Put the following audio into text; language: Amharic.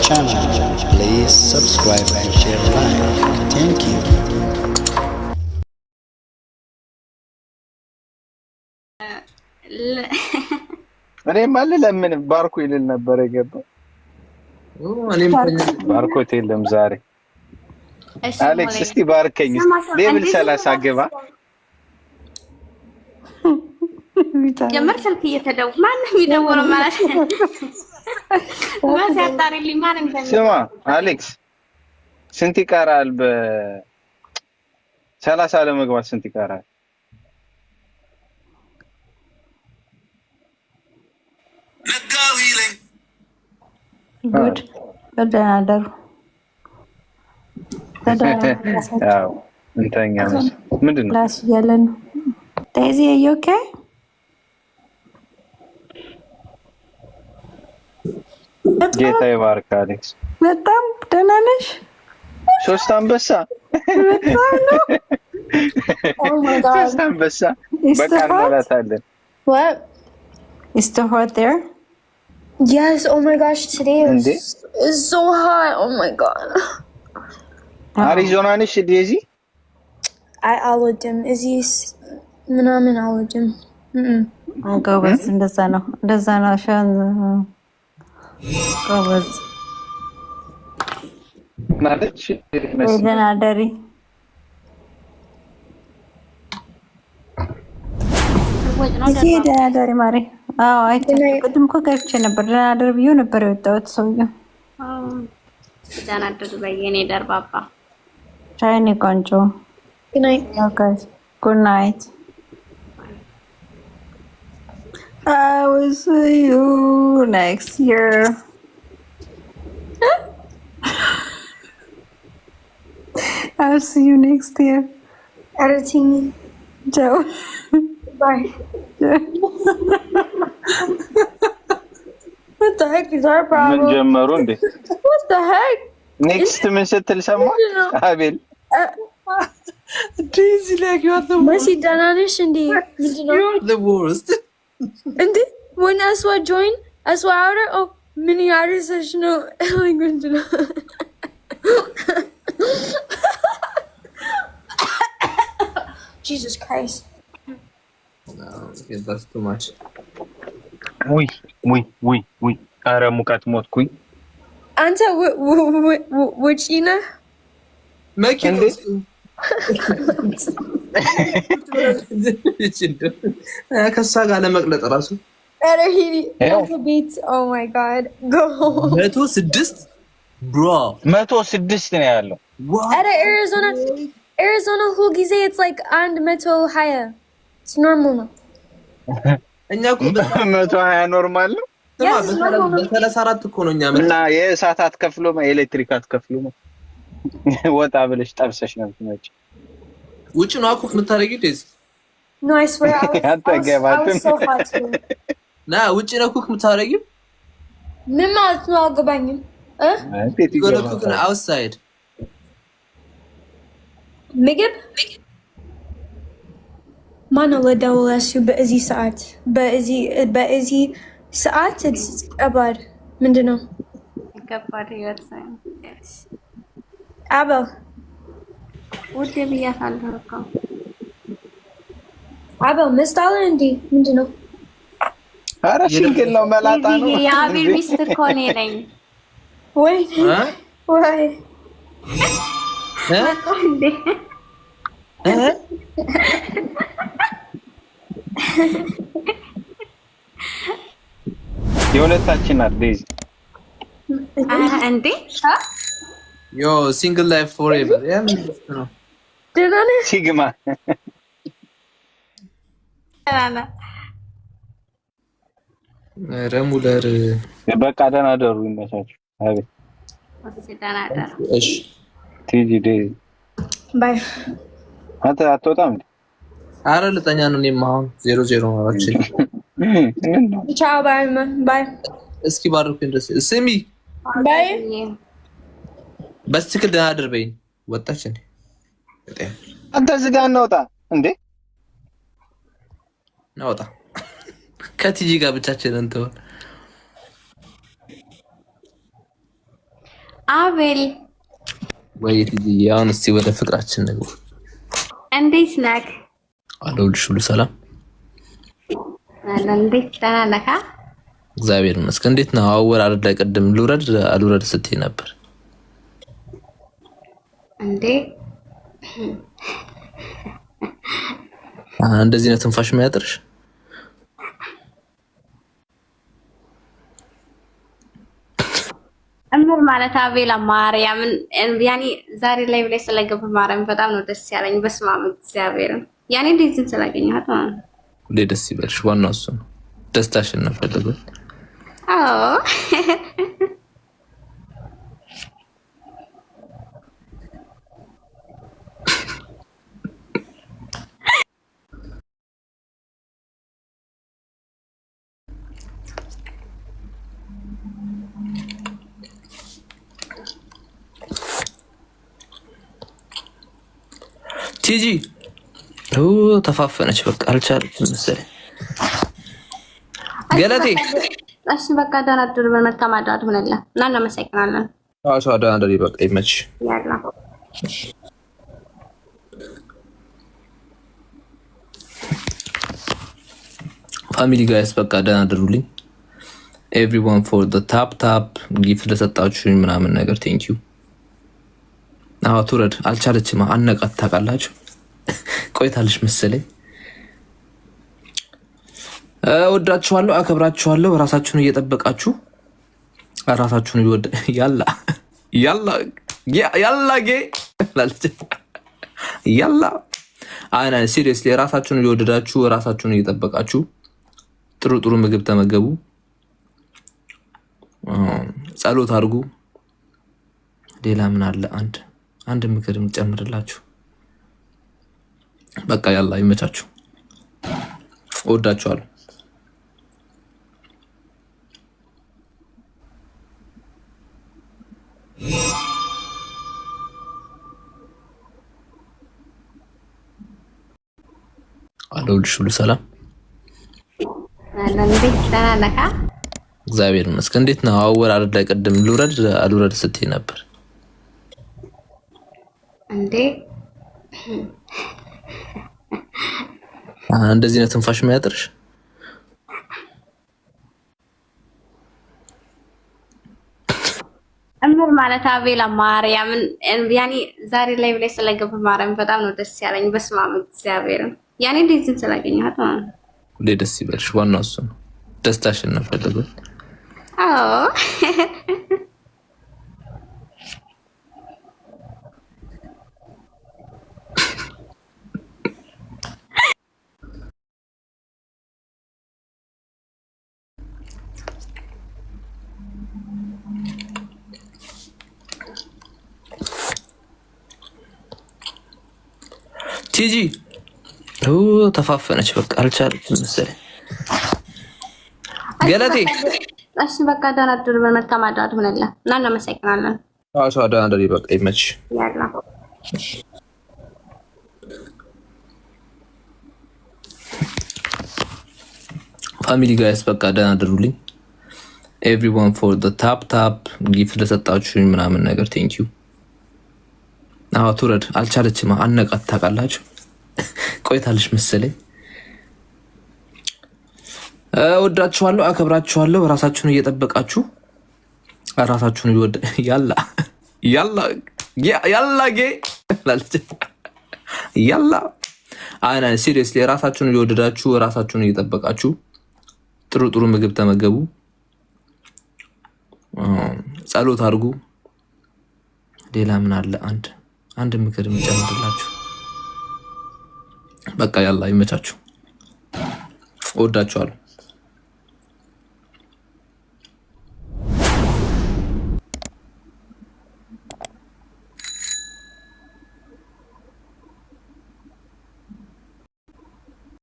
channel. Please subscribe and share like. Thank you. እኔም አለ ለምን ባርኮ ይልል ነበር የገባው። ባርኮት የለም ዛሬ። አሌክስ እስቲ ባርከኝ ሌብል ሰላሳ ግባ ጀመር ስልክ እየተደው ማንም ማለት ነው። ሲያጣሪልኝ ማን እንደሚል ስማ፣ አሌክስ ስንት ይቀራል? በሰላሳ ለመግባት ስንት ይቀራል? ጉድ ምንድን ነው ላስ እያለ ጌታ ይባርክ። አሌክስ በጣም ደህና ነሽ? ሶስት አንበሳ ሶስት አንበሳ በቃ እንበላታለን። አሪዞና ነሽ? ዴዚ አልወድም እዚህ ምናምን አልወድም። ጎበዝ እንደዛ ነው እንደዛ ነው ጎበዝ ደህና ደሪ ደህና ደሪ ማሪ። ቅድም እኮ ገብቼ ነበር። ደህና ደር ብዬ ነበር የወጣሁት። ሰውዬው ደህና ደር በየኔ ደርባባ ቻይኒ ቆንጆ ጉድ ናይት I will see you next year. I'll see you next year. editing Joe. Bye. What the heck is our problem? ጀመሩ እንዴ? What the heck? Next, ምን ስትል I ምንድን ነው? Uh, like you are the worst. ደህና ነሽ You are the worst and then when that's what join I saw other oh mini artist is no language jesus christ no that's too much we we we we ara mukat mot kui anta which ina make it ከእሷ ጋር ለመቅለጥ ራሱ መቶ ስድስት መቶ ስድስት ነው ያለው። ኤሪዞና ጊዜ አንድ መቶ ሀያ ኖርማል ነው። እኛ መቶ ሀያ ኖርማል ነው። በሰላሳ አራት እኮ ነው እኛ እና የእሳት አትከፍሎ የኤሌክትሪክ አትከፍሎ ወጣ ብለሽ ጠብሰሽ ነው የምትመጪው which não comentarei desse. No, I swear, I was, I was, I was so hot. ና ውጭ ነው ኩክ የምታደርጊው? ምን ማለት ነው? አልገባኝም። ጎነ ኩክ ነው አውትሳይድ ምግብ ማነው ለደወለሽው በእዚህ ሰዓት? በእዚህ ሰዓት ከባድ ምንድን ነው? ከባድ ህይወት አበው ውድ ብያታለሁ እኮ አበው መስታወን እንዴ ምንድን ነው? ኧረ ሽንግል ነው መላጣ ነው። የአቤል ሚስት እኮ እኔ ነኝ። ወይ ወይ የሁለታችን ናት ዴዚ እንዴ ሲንግል ላይፍ ፎር ኤቨር ነው ደህና ነህ ሲግማ? ደህና ነህ? ኧረ በቃ ደህና ደሩ ይመቻችሁ። አቤት ቲጂ ባይ አንተ አትወጣም እንዴ? አረ ልተኛ ነው። እኔማ አሁን ዜሮ ዜሮ ነው። ቻው ባይ ባይ። እስኪ ባርኩኝ ድረስ ስሚ ባይ። በስትክል ደህና ደር በይኝ። ወጣች እንዴ አንተ እዚህ ጋር እንዴ? ከቲጂ ጋር ብቻችን እንትሆን አቤል ወይ ቲጂ፣ አሁን እስቲ ወደ ፍቅራችን ንግቡ። እንዴት ነህ? አለሁልሽ። ሁሉ ሰላም እንዴት ደህና ነህ? እግዚአብሔር ይመስገን። እንዴት ነው አወር ላይ ቅድም ልውረድ አልውረድ ስትይ ነበር እንዴ? እንደዚህ ነው ትንፋሽ የሚያጥርሽ። እምር ማለት አቤላ ማርያምን ያኔ ዛሬ ላይ ብላይ ስለገብ ማርያም በጣም ነው ደስ ያለኝ። በስመ አብ እግዚአብሔርን ያኔ እንደዚህ ስላገኘኋት ማለት ነው። ሁሌ ደስ ይበልሽ። ዋናው እሱ ነው። ደስታሽን ነው ፈለጉት። አዎ ቲጂ ተፋፈነች። በቃ አልቻለችም መሰለኝ። ገለቴ እሺ፣ በቃ አደራድር በመልካም አዳር ሆነላ እና እናመሰግናለን። አዎ አደራድር፣ በቃ ይመች ፋሚሊ ጋይስ፣ በቃ አደራድሩልኝ። ኤቭሪዋን ፎር ታፕ ታፕ ጊፍት ለሰጣችሁኝ ምናምን ነገር ቴንኪዩ አዎ ትውረድ አልቻለችም። አነቃት። ታውቃላችሁ ቆይታለች መሰለኝ። ወዳችኋለሁ፣ አከብራችኋለሁ። ራሳችሁን እየጠበቃችሁ ራሳችሁን ይወደ ያላ ያላ ያላ ጌ ያላ አና ሲሪየስሊ ራሳችሁን እየወደዳችሁ ራሳችሁን እየጠበቃችሁ ጥሩ ጥሩ ምግብ ተመገቡ፣ ጸሎት አድርጉ። ሌላ ምን አለ አንድ አንድ ምክር የምጨምርላችሁ በቃ ያላ ይመቻችሁ፣ እወዳችኋለሁ። አለሁልሽ። ሁሉ ሰላም እግዚአብሔር ይመስገን። እንዴት ነው አወራረድ ላይ ቅድም ልውረድ አልውረድ ስትይ ነበር? እንዴ እንደዚህ ነው ትንፋሽ የሚያጥርሽ? እምር ማለት አቤላ ማርያምን ያኔ ዛሬ ላይ ብላይ ስለገብ ማርያም በጣም ነው ደስ ያለኝ። በስመ አብ እግዚአብሔርን ያኔ እንደዚህ ስላገኘኋት ማለት ነው። ሁሌ ደስ ይበልሽ። ዋናው እሱ ነው። ደስታሽን ነው ፈልጉት። አዎ ቲጂ ተፋፈነች። በቃ አልቻለችም መሰለኝ። ገለቴ እሺ፣ በቃ አደራድር በመልካም አዳር ሆነላ እና እናመሰግናለን። አዎ አደራድር፣ በቃ ይመች ፋሚሊ ጋይስ፣ በቃ አደራድሩልኝ። ኤቭሪዋን ፎር ታፕ ታፕ ጊፍት ለሰጣችሁኝ ምናምን ነገር ቴንኪዩ አዎ ትውረድ አልቻለችም። አነቃት። ታውቃላችሁ ቆይታለች መሰለኝ። ወዳችኋለሁ፣ አከብራችኋለሁ። ራሳችሁን እየጠበቃችሁ ራሳችሁን ይወደ ያላ ያላ ያላ ጌ ያላ አና ሲሪየስሊ ራሳችሁን እየወደዳችሁ ራሳችሁን እየጠበቃችሁ ጥሩ ጥሩ ምግብ ተመገቡ፣ ጸሎት አድርጉ። ሌላ ምን አለ አንድ አንድ ምክር የምጨምርላችሁ በቃ ያላ ይመቻችሁ፣ እወዳችኋለሁ።